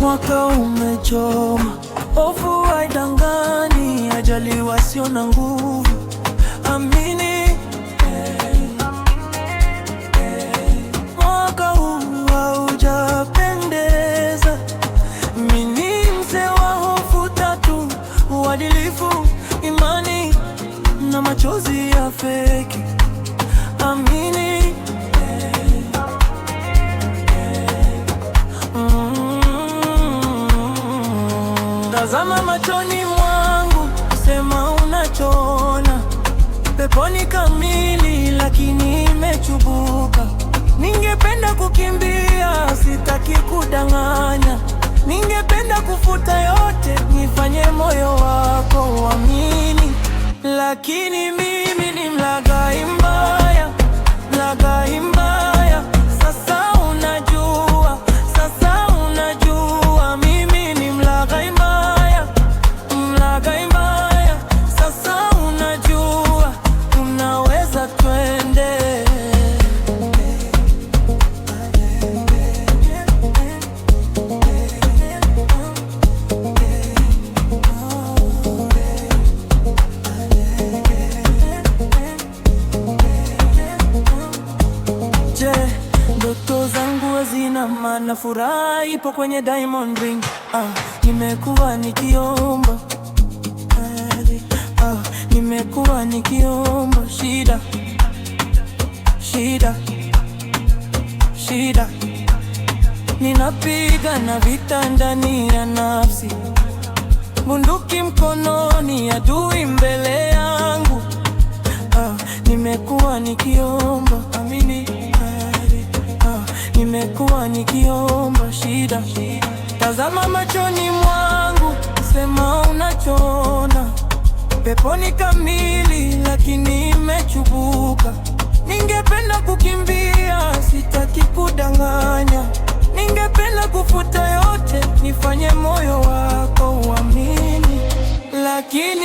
Mwaka umechoma, hofu haidangani, ajali wasio na nguvu, amini uadilifu, imani na machozi ya feki. Amini tazama, mm machoni mwangu, sema unachoona. Peponi kamili, lakini imechubuka. Ningependa kukimbia, sitaki kudanganya. Ningependa kufuta nifanye moyo wako uamini, lakini mimi nje. Ndoto zangu hazina maana, furaha ipo kwenye diamond ring. Ah, nimekuwa nikiomba ah, nimekuwa nikiomba shida shida shida, ninapigana vita ndani ya nafsi, bunduki mkononi, adui mbele yangu. Ah, nimekuwa nikiomba amini nimekuwa nikiomba shida, tazama machoni mwangu, sema unachona Peponi kamili, lakini imechubuka. Ningependa kukimbia, sitaki kudanganya. Ningependa kufuta yote, nifanye moyo wako uamini, lakini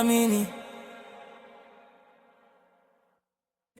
kuniamini